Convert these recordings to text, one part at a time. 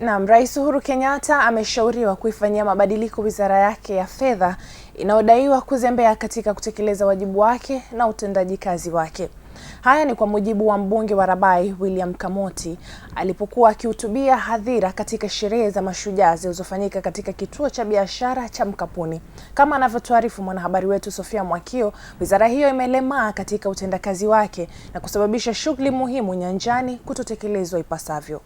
Naam, Rais Uhuru Kenyatta ameshauriwa kuifanyia mabadiliko wizara yake ya fedha inayodaiwa kuzembea katika kutekeleza wajibu wake na utendaji kazi wake. Haya ni kwa mujibu wa mbunge wa Rabai William Kamoti alipokuwa akihutubia hadhira katika sherehe za mashujaa zilizofanyika katika kituo cha biashara cha Mkapuni. Kama anavyotuarifu mwanahabari wetu Sofia Mwakio, wizara hiyo imelemaa katika utendakazi wake na kusababisha shughuli muhimu nyanjani kutotekelezwa ipasavyo.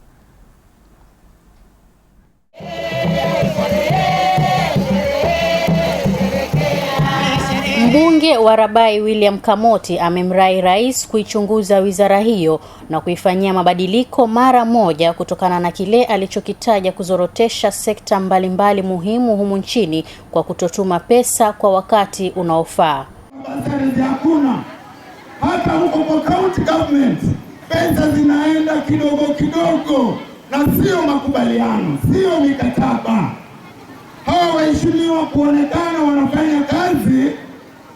Mbunge wa Rabai William Kamoti amemrai rais kuichunguza wizara hiyo na kuifanyia mabadiliko mara moja kutokana na kile alichokitaja kuzorotesha sekta mbalimbali mbali muhimu humu nchini kwa kutotuma pesa kwa wakati unaofaa. Hakuna hata huko kwa county government, pesa zinaenda kidogo kidogo na sio makubaliano, sio mikataba. Hawa waheshimiwa kuonekana wanafanya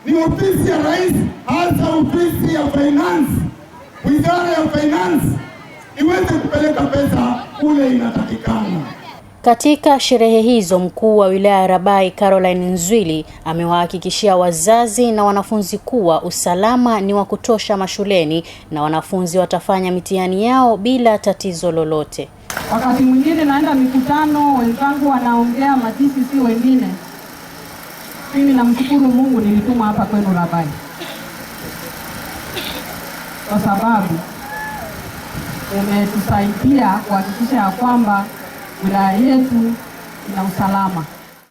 ni ofisi ya rais, hasa ofisi ya finance, wizara ya finance iweze kupeleka pesa kule inatakikana. Katika sherehe hizo mkuu wa wilaya ya Rabai Caroline Nzwili amewahakikishia wazazi na wanafunzi kuwa usalama ni wa kutosha mashuleni na wanafunzi watafanya mitihani yao bila tatizo lolote. Wakati mwingine naenda mikutano, wenzangu wanaongea matisi si wengine mimi namshukuru Mungu nilitumwa hapa kwenu Rabai kwa sababu umetusaidia kuhakikisha ya kwamba wilaya yetu ina usalama.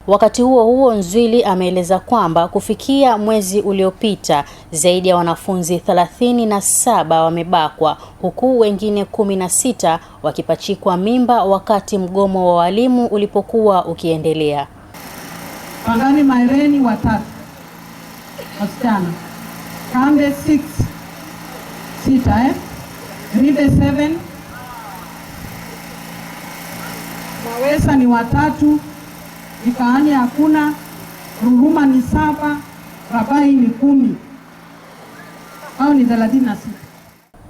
Wakati huo huo, Nzwili ameeleza kwamba kufikia mwezi uliopita zaidi ya wanafunzi 37 wamebakwa huku wengine 16 wakipachikwa mimba wakati mgomo wa walimu ulipokuwa ukiendelea pangani Maereni watatu wasichana, Kambe six sita eh? Ribe seven Mawesa ni watatu, Ikaani hakuna, Ruhuma ni saba, Rabai ni kumi au ni thelathini na sita.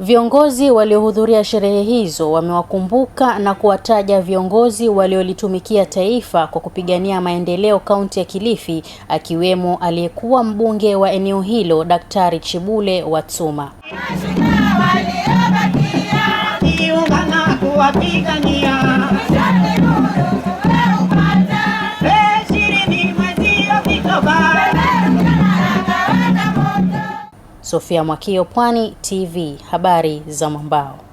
Viongozi waliohudhuria sherehe hizo wamewakumbuka na kuwataja viongozi waliolitumikia taifa kwa kupigania maendeleo kaunti ya Kilifi akiwemo aliyekuwa mbunge wa eneo hilo Daktari Chibule Watsuma. Sofia Mwakio, Pwani TV, habari za mwambao.